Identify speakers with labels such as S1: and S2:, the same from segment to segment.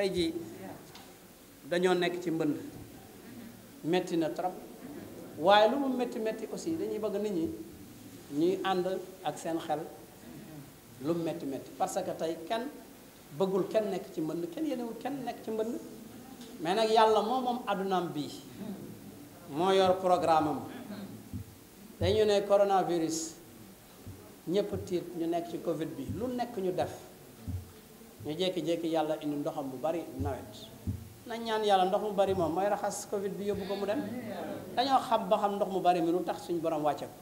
S1: tey jii dañoo nekk ci mbënn metti na trop waaye lu mu metti metti aussi dañuy bëgg nit ñi ñuy ànd ak seen xel lu mu metti metti parce que tey kenn bëggul kenn nekk ci mbënn kenn yéenewul kenn nekk ci mbënn mais nag yàlla moom moom addunaam bii moo yor programme dañu ne coronavirus ñëpp tiit ñu nekk ci covid bi lu nekk ñu def ñu jékki-jékki yàlla indi ndoxam bu bari nawet nañ ñaan yàlla ndox mu bari moom mooy raxas Covid bi yóbbu ko mu dem dañoo xam ba xam ndox mu bari mi lu tax suñu borom wàcce ko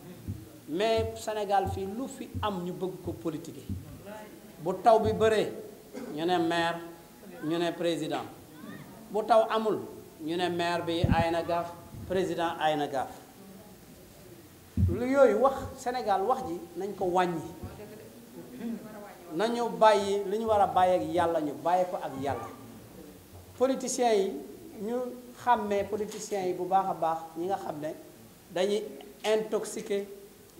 S1: mais Sénégal fii lu fi am ñu bëgg ko politique bu taw bi bëree ñu ne maire ñu ne président bu taw amul ñu ne maire bi ay na gaaf président ay na gaaf lu yooyu wax Sénégal wax ji nañ ko wàññi. nañu bàyyi li ñu war a bàyyi yàlla ñu bàyyi ko ak yàlla politiciens yi ñu xàmmee politiciens yi bu baax a baax ñi nga xam ne dañuy intoxique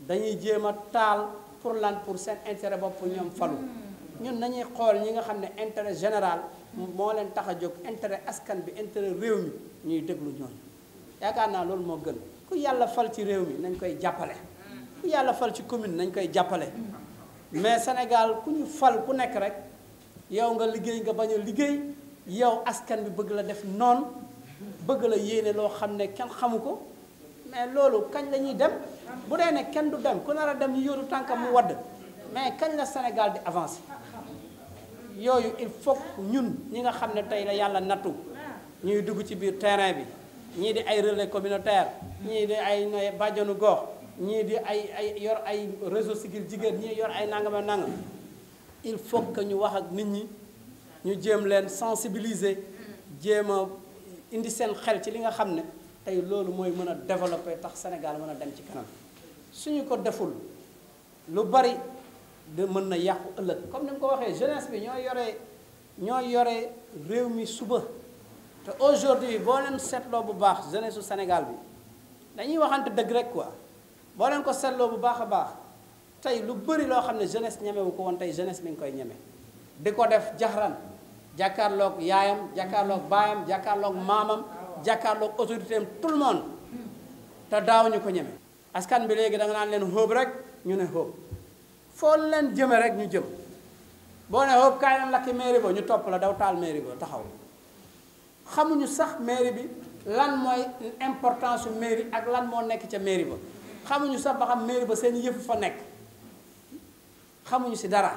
S1: dañuy jéem a taal pour lan pour seen intérêt bopp ñoom falu mm. ñun nañuy xool ñi nga xam ne intérêt général moo leen tax a jóg intérêt askan bi intérêt réew mi ñuy déglu ñooñu yaakaar naa loolu moo gën ku yàlla fal ci réew mi nañ koy jàppale mm. ku yàlla fal ci commune nañ koy jàppale mais Sénégal ku ñu fal ku nekk rek yow nga liggéey nga bañ liggéey yow askan bi bëgg la def noonu bëgg la yéene loo xam ne kenn xamu ko mais loolu kañ la ñuy dem bu dee ne kenn du dem ku nar a dem ñu yóoru tànkam mu wadd mais kañ la Sénégal di avancer yooyu il faut ñun ñi nga xam ne tey la yàlla nattu ñuy dugg ci biir terrain bi ñii di ay relais communautaire ñii di ay bàjjanu gox. ñii di ay ay yor ay réseau sigil jigéen ñii yor ay nangam ak nangam il faut que ñu wax ak nit ñi ñu jéem leen sensibiliser jéem a indi seen xel ci li nga xam ne tey loolu mooy mën a développer tax Sénégal mën a dem ci kanam suñu ko deful lu bari de mën na yàqu ëllëg comme ni mu ko waxee jeunesse bi ñoo yore ñoo yore réew mi suba te aujourd'hui boo leen seetloo bu baax jeunesse su Sénégal bi dañuy waxante dëgg rek quoi boo leen ko seetloo bu baax a baax tey lu bëri loo xam ne jeunesse ñemewu ko woon tey jeunesse mi ngi koy ñeme di ko def jaxran jàkkaarloog yaayam jàkkaarloog baayam jàkkaarloog maamam jàkkaarloog autorité am tout le monde te daawuñu ko ñeme askan bi léegi da nga naan leen xóob rek ñu ne xóob foo leen jëme rek ñu jëm boo ne xóob kaay leen lakki mairie ba ñu topp la daw taal mairie ba taxaw xamuñu sax mairie bi lan mooy importance su mairie ak lan moo nekk ca mairie ba xamuñu sax ba xam mairie ba seen yëfu fa nekk xamuñu si dara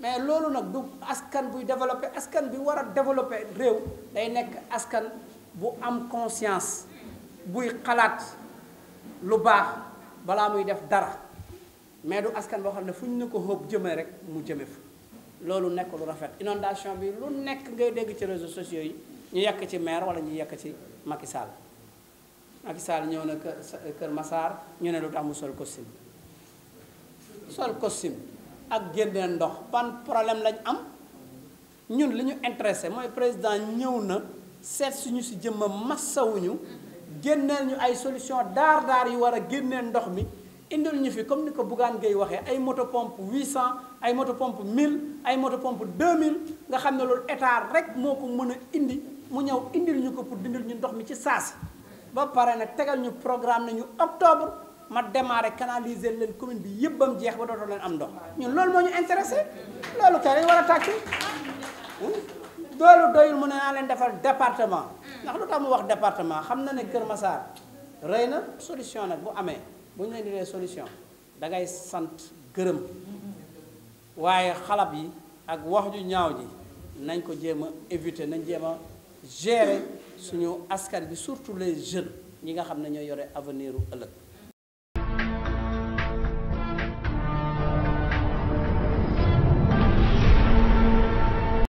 S1: mais loolu nag du askan buy développé askan bi war a développé réew day nekk askan bu am conscience buy xalaat lu baax balaa muy def dara mais du askan boo xam ne fu ñu ne ko xóob jëmee rek mu jëme fa loolu nekk lu rafet inondation bi lu nekk ngay dégg ci réseaux sociaux yi ñu yekk ci maire walla ñu yekk ci Macky ak saal ñëw na Kër Massar ñu ne lu tax sol costume sol costume ak génnee ndox ban problème lañ am ñun li ñu intéressé mooy président ñëw na seet suñu si jëmm massawuñu génneel ñu ay solution daar daar yu war a génnee ndox mi indil ñu fi comme ni ko buggaan Gueye waxee ay moto pompe 800 ay moto pompe 1000 ay moto pompe 2000 nga xam ne loolu état rek moo ko mën indi mu ñëw indil ñu ko pour dindil ñu ndox mi ci saa saasi boo pare na tegal ñu programme nañu octobre ma démarré canaliser leen commune bi yëpp am jeex ba dootoo leen am ndox ñun loolu moo ñu intéressé loolu kay dañ war a tàcc doolu hmm? doyul mu ne naa leen defal département ndax lu tax mu wax département xam na ne Kër Massar rëy na solution nag bu amee bu ñu leen di dee solution da ngay sant gërëm waaye xalab yi ak wax ju ñaaw ji nañ ko jéem a éviter nañ jéem a gérer suñu askan bi surtout les jeunes ñi nga xam ne ñoo yore avenir ëllëg